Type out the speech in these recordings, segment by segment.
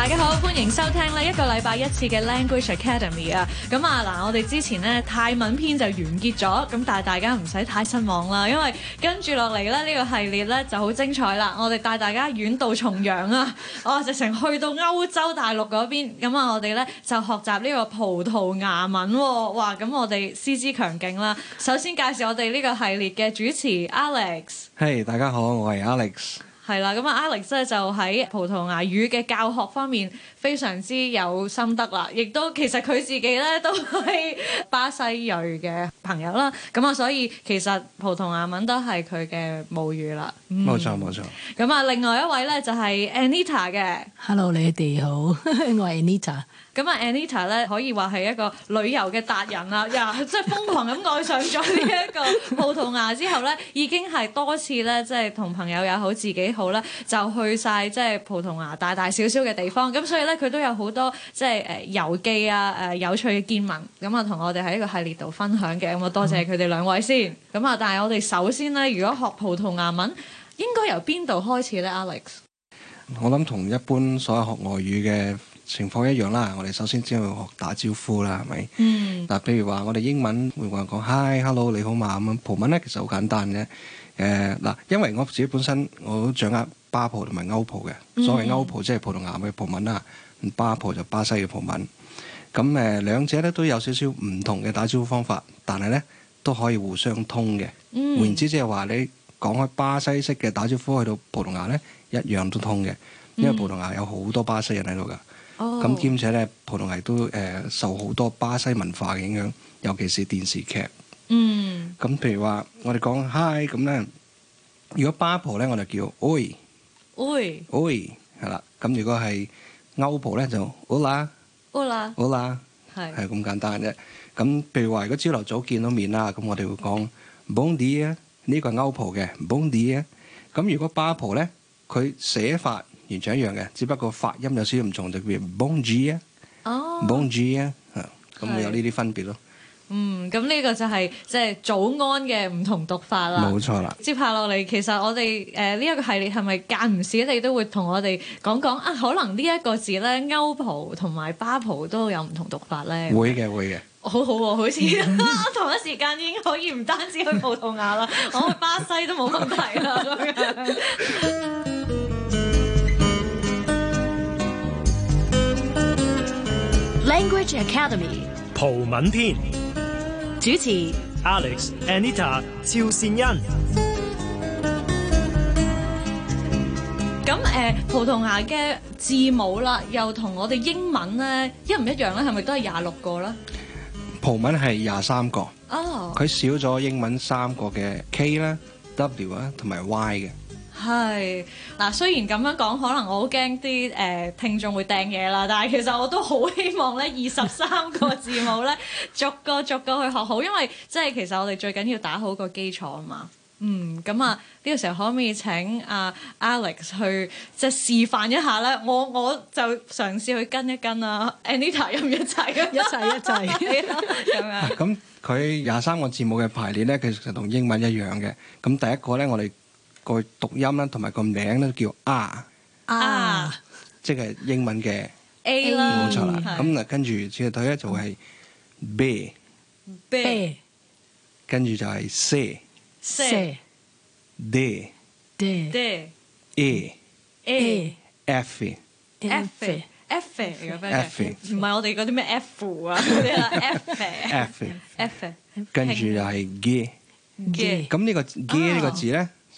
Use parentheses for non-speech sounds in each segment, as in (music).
大家好，歡迎收聽呢一個禮拜一次嘅 Language Academy 啊！咁啊嗱，我哋之前呢泰文篇就完結咗，咁但係大家唔使太失望啦，因為跟住落嚟呢呢、這個系列呢就好精彩啦！我哋帶大家遠渡重洋啊，我、啊、直情去到歐洲大陸嗰邊，咁啊我哋呢就學習呢個葡萄牙文、啊，哇！咁我哋師資強勁啦，首先介紹我哋呢個系列嘅主持 Alex。嘿，hey, 大家好，我係 Alex。係啦，咁啊 Alex 咧就喺葡萄牙語嘅教學方面非常之有心得啦，亦都其實佢自己咧都係巴西裔嘅朋友啦，咁啊所以其實葡萄牙文都係佢嘅母語啦。冇錯冇錯。咁啊，另外一位咧就係 Anita 嘅。Hello，你哋好，我係 Anita。咁啊，Anita 咧可以話係一個旅遊嘅達人啦， (laughs) 又即係瘋狂咁愛上咗呢一個葡萄牙之後咧，已經係多次咧，即係同朋友也好、自己好咧，就去晒即係葡萄牙大大小小嘅地方。咁所以咧，佢都有好多即係誒遊記啊、誒、呃、有趣嘅見聞。咁啊，同我哋喺一個系列度分享嘅。咁啊，多謝佢哋兩位先。咁啊、嗯，但係我哋首先咧，如果學葡萄牙文應該由邊度開始咧？Alex，我諗同一般所有學外語嘅。情況一樣啦，我哋首先先去學打招呼啦，係咪？嗱、嗯，譬如話我哋英文會話講 Hi、Hello 你好嘛咁，葡文咧其實好簡單嘅。誒、呃、嗱，因為我自己本身我都掌握巴葡同埋歐葡嘅，所謂歐葡、嗯嗯、即係葡萄牙嘅葡文啦，巴葡就巴西嘅葡文。咁誒、呃、兩者咧都有少少唔同嘅打招呼方法，但係咧都可以互相通嘅。嗯、換言之，即係話你講開巴西式嘅打招呼去到葡萄牙咧一樣都通嘅，因為葡萄牙有好多巴西人喺度㗎。嗯咁兼且咧，葡萄牙都誒受好多巴西文化嘅影響，尤其是電視劇。嗯。咁譬如話，我哋講 hi 咁咧，如果巴婆咧，我就叫 oi，oi，oi，係啦。咁如果係歐婆咧，就 ola，ola，ola，係係咁簡單啫。咁譬如話，如果朝頭早見到面啦，咁我哋會講 bondi 啊，呢個係歐婆嘅 bondi 啊。咁如果巴婆咧，佢寫法，完全一樣嘅，只不過發音有少少唔同，就叫 b o n g i 啊 b o n g i 啊，咁會有呢啲分別咯。嗯，咁呢、嗯、個就係即係早安嘅唔同讀法啦。冇錯啦。接下落嚟，其實我哋誒呢一個系列係咪間唔時你都會同我哋講講啊？可能呢一個字咧，歐葡同埋巴葡都有唔同讀法咧。會嘅。好，會嘅、哦。好好喎，好似同一時間已經可以唔單止去葡萄牙啦， (laughs) 我去巴西都冇問題啦 (laughs) Language Academy 葡文篇主持 Alex Anita 趙善恩咁誒、呃，葡萄牙嘅字母啦，又同我哋英文咧一唔一樣咧？係咪都係廿六個咧？葡文係廿三個哦，佢、oh. 少咗英文三個嘅 K 啦、W 啊同埋 Y 嘅。係嗱，雖然咁樣講，可能我好驚啲誒聽眾會掟嘢啦，但係其實我都好希望咧，二十三個字母咧，逐個逐個去學好，因為即係其實我哋最緊要打好個基礎啊嘛。嗯，咁啊，呢、這個時候可唔可以請阿、啊、Alex 去即係示範一下咧？我我就嘗試去跟一跟啊 Anita 音一齊、啊，一齊一齊咁樣。咁佢廿三個字母嘅排列咧，其實同英文一樣嘅。咁第一個咧，我哋。個讀音啦，同埋個名咧，叫 R，R，即係英文嘅 A 啦，冇錯啦。咁嗱，跟住再睇一組就係 B，B，跟住就係 C，C，D，D，E，E，F，F，F，唔係我哋嗰啲咩 F 啊嗰啲啦，F，F，F，跟住就係 G，G，咁呢個 G 呢個字咧？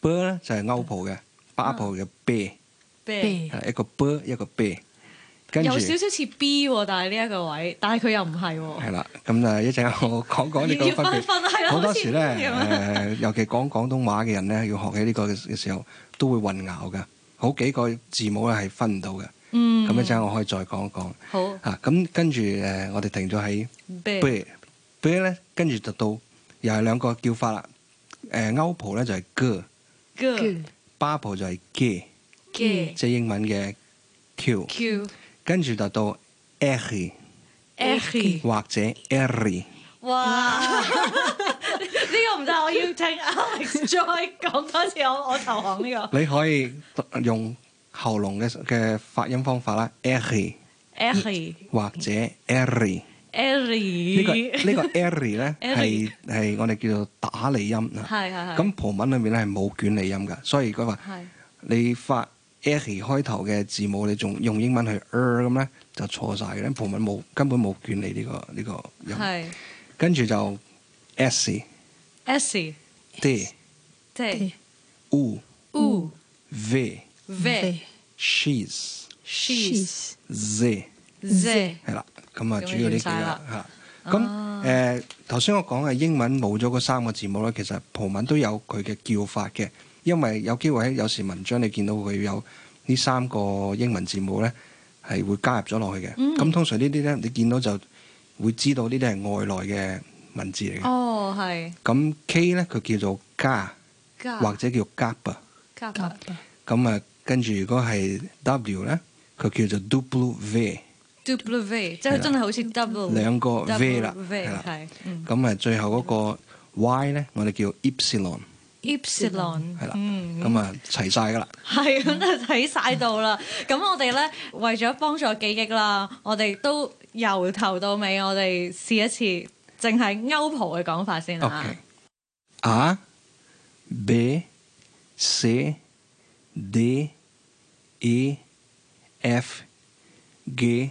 b i 咧就係 o p 嘅，巴普嘅 bear，bear 係一個 b 一個 b，跟住有少少似 B，但係呢一個位，但係佢又唔係。哦。係啦，咁啊一陣我講講呢個分別。好 (laughs) 多時咧，誒、呃，尤其講廣東話嘅人咧，要學起呢個嘅嘅時候，都會混淆噶，好幾個字母咧係分唔到嘅。嗯。咁咧，一陣我可以再講一講。好。吓、啊，咁跟住誒、呃，我哋停咗喺 b b e 咧，跟住就到又係兩個叫法啦。誒、呃，歐普咧就係 girl。G 八號就係 G，即係英文嘅 Q，跟住達到 R，R 或者 R。哇！呢個唔得，我要聽 Alex Joy 講多次，我我投降呢個。你可以用喉嚨嘅嘅發音方法啦，R，R 或者 R。R 呢個呢個 R 咧，係係我哋叫做打脷音啊，咁葡文裏面咧係冇捲脷音嘅，所以佢話你發 R 開頭嘅字母，你仲用英文去 R 咁咧就錯曬嘅咧。葡文冇根本冇捲脷呢個呢個音，跟住就 S，S，T，T，U，U，V，V，X，X，Z，Z，係啦。咁啊，主要呢幾啦嚇。咁誒，頭先我講嘅英文冇咗嗰三個字母咧，其實葡文都有佢嘅叫法嘅。因為有機會喺有時文章你見到佢有呢三個英文字母咧，係會加入咗落去嘅。咁通常呢啲咧，你見到就會知道呢啲係外來嘅文字嚟嘅。哦，係。咁 K 咧，佢叫做加，或者叫 CAPA。CAPA。咁啊，跟住如果係 W 咧，佢叫做 DOUBLE V。double V，即係真係好似 double 兩個 V 啦，係啦，咁啊最後嗰個 Y 咧，我哋叫 Ypsilon，Ypsilon 係啦，咁啊齊曬噶啦，係咁就睇曬到啦。咁我哋咧為咗幫助記憶啦，我哋都由頭到尾，我哋試一次，淨係 OPPO 嘅講法先啦。OK，A，B，C，D，E，F，G。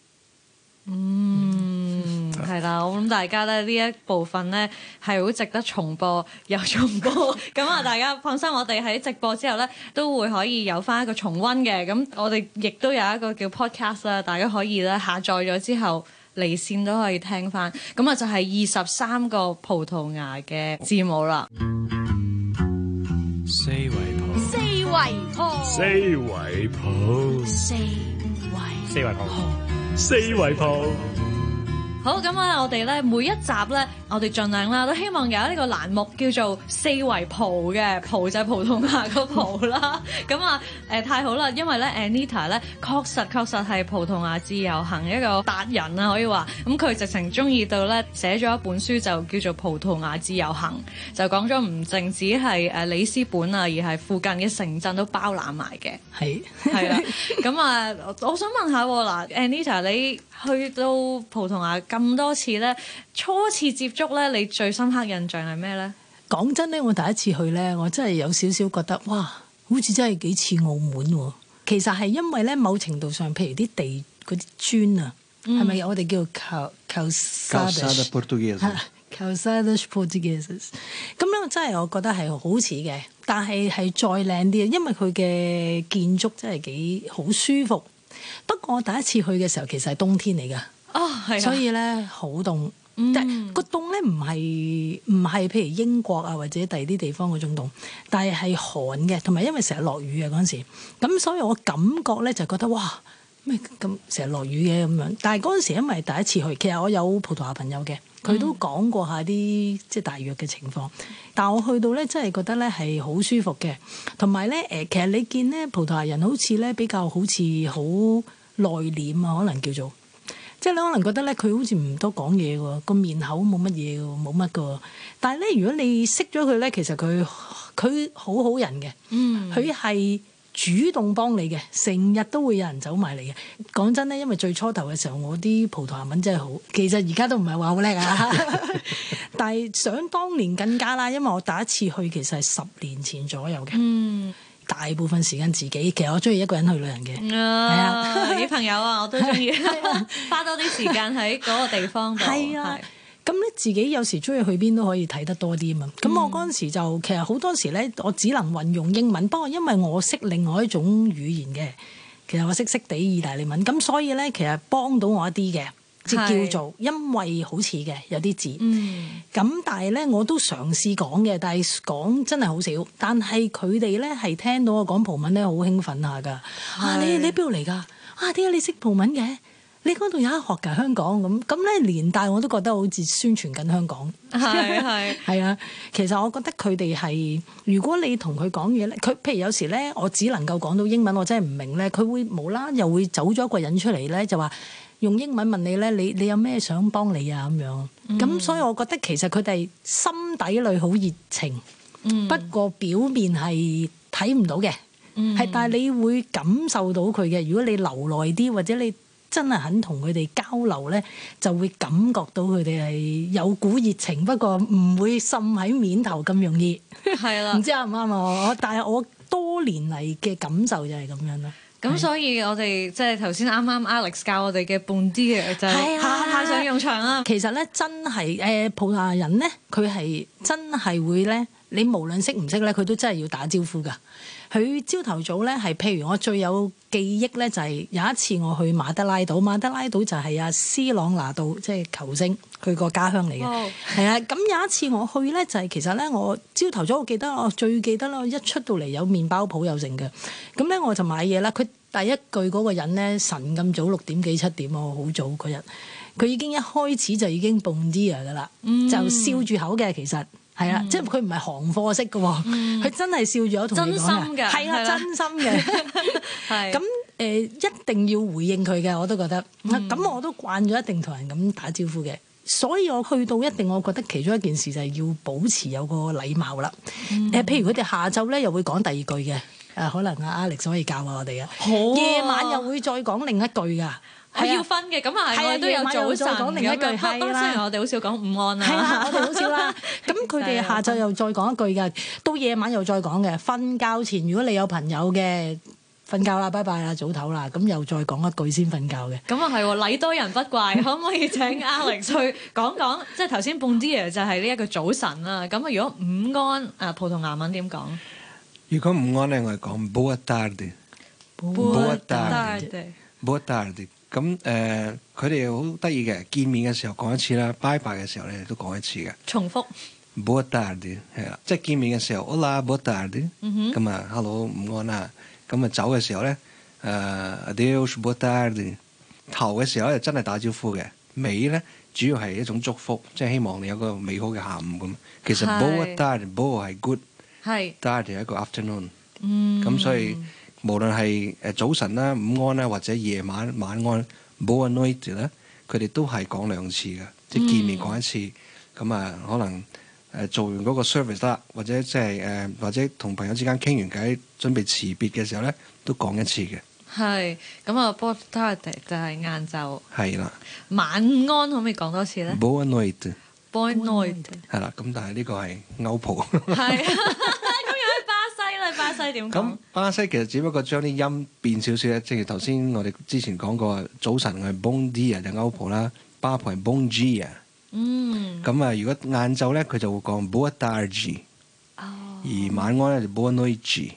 我諗大家咧呢一部分呢係好值得重播又重播，咁啊 (laughs) 大家放心，我哋喺直播之後呢都會可以有翻一個重溫嘅。咁我哋亦都有一個叫 podcast 啦，大家可以咧下載咗之後離線都可以聽翻。咁啊就係二十三個葡萄牙嘅字母啦。 (music) 四圍破， (music) 四圍 (music) 四圍 (music) 四圍， (music) 四圍 (music) 四圍好咁咧，我哋咧每一集咧，我哋盡量啦，都希望有呢個欄目叫做「四圍蒲」嘅，蒲就係葡萄牙個「蒲」啦。咁 (laughs) 啊，誒、呃、太好啦，因為咧，Anita 咧確實確實係葡萄牙自由行一個達人啊，可以話。咁、嗯、佢直情中意到咧，寫咗一本書就叫做《葡萄牙自由行》，就講咗唔淨止係誒里斯本啊，而係附近嘅城鎮都包攬埋嘅。係係啦。咁 (laughs) 啊，我想問下嗱、呃、Anita，你去到葡萄牙，咁多次咧，初次接觸咧，你最深刻印象係咩咧？講真咧，我第一次去咧，我真係有少少覺得，哇，好似真係幾似澳門喎。其實係因為咧，某程度上，譬如啲地嗰啲磚啊，係咪、嗯、我哋叫做 Calçada？Calçada Portuguesa，yeah，Calçada Portuguesa，咁樣真係我覺得係好似嘅，但係係再靚啲，因為佢嘅建築真係幾好舒服。不過我第一次去嘅時候，其實係冬天嚟㗎。啊，係、哦，所以咧好凍，嗯、但係、個凍咧唔係唔係，譬如英國啊或者第二啲地方嗰種凍，但係係寒嘅，同埋因為成日落雨嘅嗰陣時，咁所以我感覺咧就覺得哇，咩咁成日落雨嘅咁樣，但係嗰陣時因為第一次去，其實我有葡萄牙朋友嘅，佢都講過下啲即係大約嘅情況，但係我去到咧真係覺得咧係好舒服嘅，同埋咧誒，其實你見咧葡萄牙人好似咧比較好似好內斂啊，可能叫做。即係你可能覺得咧，佢好似唔多講嘢喎，個面口冇乜嘢，冇乜噶。但係咧，如果你識咗佢咧，其實佢佢好好人嘅，佢係、嗯、主動幫你嘅，成日都會有人走埋嚟嘅。講真咧，因為最初頭嘅時候，我啲葡萄牙文真係好，其實而家都唔係話好叻啊。 (laughs) (laughs) 但係想當年更加啦，因為我第一次去，其實係十年前左右嘅。嗯大部分時間自己，其實我中意一個人去旅行嘅。係啊，啲、啊、朋友啊， (laughs) 我都中意花多啲時間喺嗰個地方度。係啊，咁你、啊、自己有時中意去邊都可以睇得多啲啊嘛。咁、嗯、我嗰陣時就其實好多時咧，我只能運用英文。不過因為我識另外一種語言嘅，其實我識識地意大利文，咁所以咧其實幫到我一啲嘅。即叫做，因為好似嘅有啲字，咁、嗯、但係咧我都嘗試講嘅，但係講真係好少。但係佢哋咧係聽到我講葡文咧，好興奮下㗎是、啊。啊，你你邊度嚟㗎？啊，點解你識葡文嘅？你嗰度有得學㗎？香港咁咁咧，連帶我都覺得好似宣傳緊香港。係係 (laughs) 啊，其實我覺得佢哋係如果你同佢講嘢咧，佢譬如有時咧，我只能夠講到英文，我真係唔明咧，佢會無啦又會走咗一個人出嚟咧，就話。用英文問你咧，你你有咩想幫你啊？咁樣，咁、嗯、所以我覺得其實佢哋心底裏好熱情，嗯、不過表面係睇唔到嘅，係、嗯、但係你會感受到佢嘅。如果你留耐啲，或者你真係肯同佢哋交流咧，就會感覺到佢哋係有股熱情，不過唔會滲喺面頭咁容易。係啦、嗯，唔知啱唔啱啊？我 (laughs) 但係我多年嚟嘅感受就係咁樣啦。咁所以我哋即係頭先啱啱 Alex 教我哋嘅 Bom dia 嘅就係派上用場啦。其實咧真係誒、呃、葡萄牙人咧，佢係真係會咧，你無論識唔識咧，佢都真係要打招呼噶。佢朝頭早咧，係譬如我最有記憶咧，就係、是、有一次我去馬德拉島，馬德拉島就係阿、啊、斯朗拿度即係球星佢個家鄉嚟嘅，係啊哇。咁有一次我去咧，就係、是、其實咧，我朝頭早我記得我最記得啦，我一出到嚟有麵包鋪有剩嘅，咁咧我就買嘢啦。佢第一句嗰個人咧，神咁早六點幾七點啊，我好早嗰日，佢已經一開始就已經 Bom dia 嘅啦，嗯、就笑住口嘅其實。係啦，即係佢唔係行貨式嘅喎，佢真係笑住我同人講，係啊，真心嘅。咁誒，一定要回應佢嘅，我都覺得。咁、嗯啊、我都慣咗，一定同人咁打招呼嘅。所以我去到一定，我覺得其中一件事就係要保持有個禮貌啦。誒、嗯，譬、啊、如佢哋下晝咧又會講第二句嘅，誒可能阿 Alex 可以教下我哋啊。夜 (laughs) 晚又會再講另一句噶。嗯 (noise) 啊係要分嘅，咁啊，我哋都有早晨嘅。當然我哋好少講午安啦。係啦，我哋好少啦。咁佢哋下晝又再講一句嘅，到夜晚又再講嘅。瞓覺前如果你有朋友嘅，瞓覺啦，拜拜啦，早唞啦。咁又再講一句先瞓覺嘅。咁啊係喎，禮多人不怪。可唔可以請 Alex 去講講？即係頭先半啲嘢就係呢一個早晨啦。咁啊，如果午安啊葡萄牙文點講？你講午安應該講 Boa tarde。Boa tarde。Boa tarde。咁誒，佢哋好得意嘅，見面嘅時候講一次啦，拜拜嘅時候咧都講一次嘅。重複。b o o d a d t e 啦，即係見面嘅時候，好啦，good afternoon。咁啊、mm hmm. 嗯，hello，午安啊，咁、嗯、啊，走嘅時候咧，誒 d i a r g o o d a f t e 頭嘅時候又真係打招呼嘅，尾咧主要係一種祝福，即係希望你有個美好嘅下午咁。其實 b o o d a d t e r n o o n 下午 good，係是。a d t e 係一個 afternoon、mm。咁、hmm. 嗯、所以。無論係誒早晨啦、午安啦，或者夜晚晚安，Boa noite 咧，佢哋都係講兩次嘅，即係見面講一次，咁啊可能誒做完嗰個 service 啦，或者即係誒或者同朋友之間傾完偈，準備辭別嘅時候咧，都講一次嘅。係，咁啊，Boa tarde 就係晏晝。係啦，晚安可唔可以講多次咧？Boa noite，Boa noite，係啦。咁但係呢個係歐普。係啊。咁巴西其實只不過將啲音變少少啫，即係頭先我哋之前講過，早晨係 bon dia 就歐葡啦，巴葡係 bon g 啊，嗯，咁啊如果晏晝咧佢就會講 bon tarde，而晚安咧、嗯、就 bon noite，是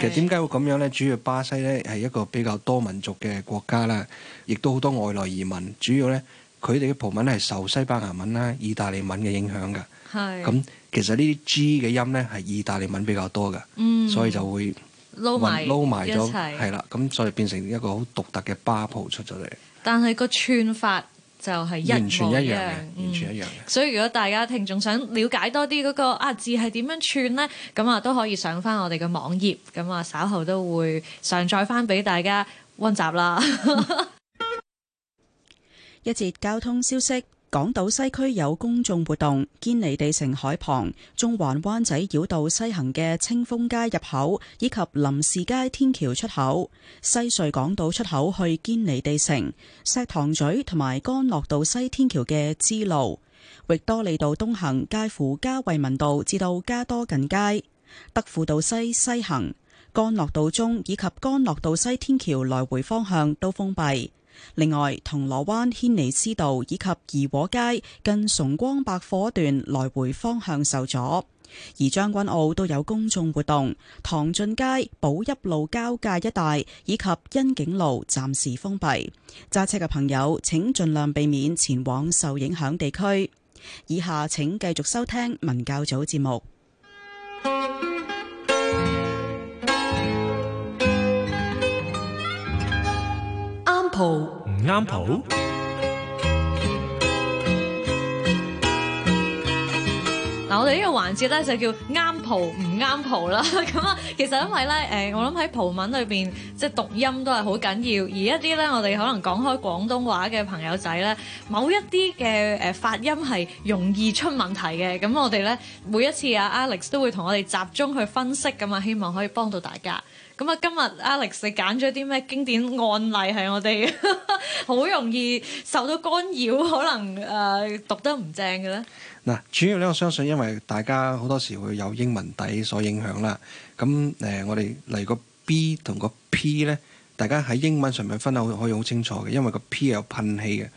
其實點解會咁樣咧？主要巴西咧係一個比較多民族嘅國家啦，亦都好多外來移民，主要咧。佢哋嘅葡文係受西班牙文啦、意大利文嘅影響嘅，咁是其實呢啲 G 嘅音咧係意大利文比較多嘅，嗯、所以就會撈埋撈埋咗，係啦，咁所以變成一個好獨特嘅巴葡出咗嚟。但係個串法就係完全一樣嘅，嗯、完全一樣嘅。所以如果大家聽眾想了解多啲嗰、那個啊字係點樣串咧，咁啊都可以上翻我哋嘅網頁，咁啊稍後都會上載翻俾大家溫習啦。 (laughs) 一節交通消息：港島西區有公眾活動，堅尼地城海旁、中環灣仔繞道西行嘅清風街入口以及林士街天橋出口、西隧港島出口去堅尼地城、石塘咀同埋干諾道西天橋嘅支路、域多利道東行介乎加惠民道至到加多近街、德輔道西西行、干諾道中以及干諾道西天橋來回方向都封閉。另外，銅鑼灣軒尼詩道以及怡和街近崇光百貨段來回方向受阻，而將軍澳都有公眾活動，唐俊街寶邑路交界一帶以及欣景路暫時封閉，揸車嘅朋友請盡量避免前往受影響地區。以下請繼續收聽文教組節目。譜唔啱譜？嗱、嗯，我哋呢個環節咧，就叫啱蒲，唔啱蒲啦。咁啊， (laughs) 其實因為咧，誒、呃，我諗喺葡文裏邊，即、就、係、是、讀音都係好緊要。而一啲咧，我哋可能講開廣東話嘅朋友仔咧，某一啲嘅誒發音係容易出問題嘅。咁我哋咧，每一次啊 Alex 都會同我哋集中去分析噶嘛，希望可以幫到大家。咁啊，今日 Alex 你揀咗啲咩經典案例係我哋好 (laughs) 容易受到干擾，可能誒、呃、讀得唔正嘅咧？嗱，主要咧，我相信因為大家好多時會有英文底所影響啦。咁誒、呃，我哋嚟個 B 同個 P 咧，大家喺英文上面分得可以好清楚嘅，因為個 P 係有噴氣嘅。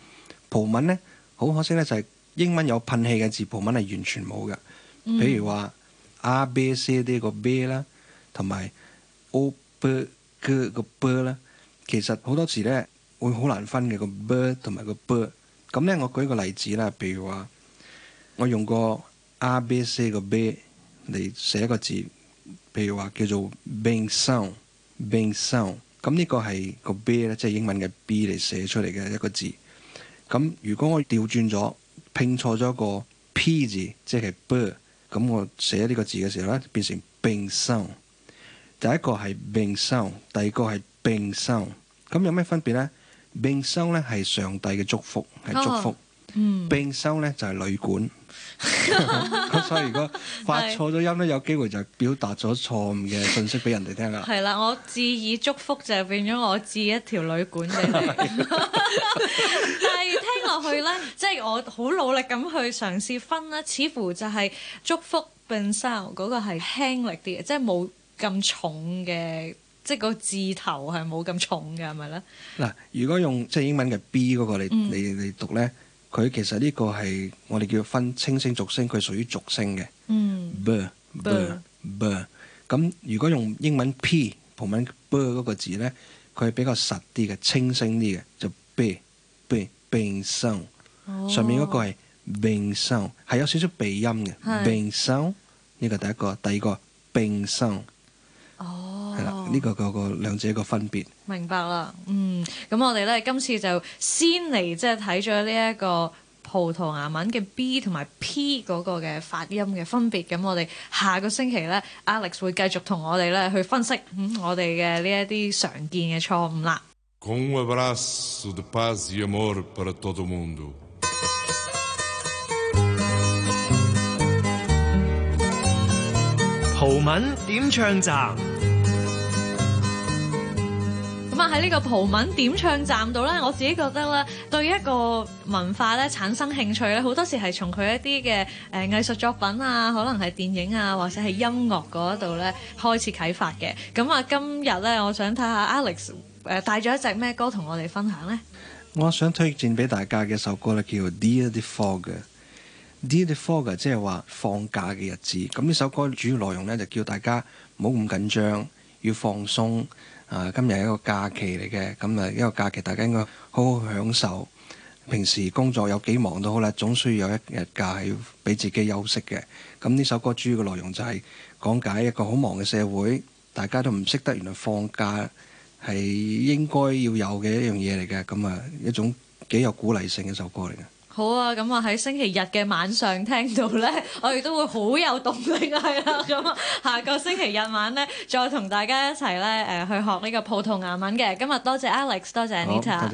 葡文咧，好可惜咧，就係英文有噴氣嘅字，葡文係完全冇嘅。譬如話 r、嗯、B C D 啲個 B 啦，同埋。Oper, ơ, 個 b 個 b 咧，其實好多時呢會好難分嘅個 b 同埋個 b。咁呢，我舉一個例子啦，譬如話，我用個 A B C 個 B 嚟寫一個字，譬如話叫做 bing song bing song。咁呢個係個 b 咧，即係英文嘅 B 嚟寫出嚟嘅一個字。咁如果我調轉咗拼錯咗個 P 字，即係 b，咁我寫呢個字嘅時候呢，變成 bing song。第一個係並收，第二個係並收。咁有咩分別咧？並收咧係上帝嘅祝福，係祝福。嗯。並收咧就係旅館咁，所以如果發錯咗音咧，有機會就表達咗錯誤嘅信息俾人哋聽啦。係啦，我致以祝福就係變咗我致一條旅館嘅。但係聽落去咧，即係我好努力咁去嘗試分啦，似乎就係祝福並收嗰個係輕力啲嘅，即係冇。咁重嘅，即係個字頭係冇咁重嘅，係咪咧？嗱，如果用即係英文嘅 B 嗰個嚟你、嗯、你，你讀咧，佢其實呢個係我哋叫分清聲、濁聲，佢屬於濁聲嘅。嗯。B B B。咁如果用英文 P，同文 B 嗰、uh、個字咧，佢係比較實啲嘅，清聲啲嘅，就 B B Bing Song。哦。上面嗰個係 Bing Song，係有少少鼻音嘅。係 Bing Song 呢個第一個，第二個 Bing Song。哦，係啦、呢個，呢、呢個、呢個個兩者個分別。明白啦，嗯，咁我哋咧今次就先嚟即係睇咗呢一個葡萄牙文嘅 B 同埋 P 嗰個嘅發音嘅分別。咁我哋下個星期咧，Alex 會繼續同我哋咧去分析，嗯、我哋嘅呢一啲常見嘅錯誤啦。喺呢個葡文點唱站度呢，我自己覺得呢，對一個文化呢產生興趣呢，好多時係從佢一啲嘅誒藝術作品啊，可能係電影啊，或者係音樂嗰度呢開始啟發嘅。咁啊，今日呢，我想睇下 Alex 誒帶咗一隻咩歌同我哋分享呢？我想推薦俾大家嘅首歌呢，叫 Dear the Fog Dear the Fog 即係話放假嘅日子。咁呢首歌主要內容呢，就叫大家唔好咁緊張，要放鬆。啊！今日係一個假期嚟嘅，咁、嗯、啊一個假期，大家應該好好享受。平時工作有幾忙都好啦，總需要有一日假係要俾自己休息嘅。咁、嗯、呢首歌主要嘅內容就係講解一個好忙嘅社會，大家都唔識得原來放假係應該要有嘅一樣嘢嚟嘅。咁、嗯、啊、嗯，一種幾有鼓勵性嘅一首歌嚟嘅。好啊，咁啊喺星期日嘅晚上，上聽到咧，我亦都會好有動力，係啊，咁 (laughs) 下個星期日晚咧，再同大家一齊咧誒去學呢個葡萄牙文嘅。今日多謝 Alex，多謝 Anita。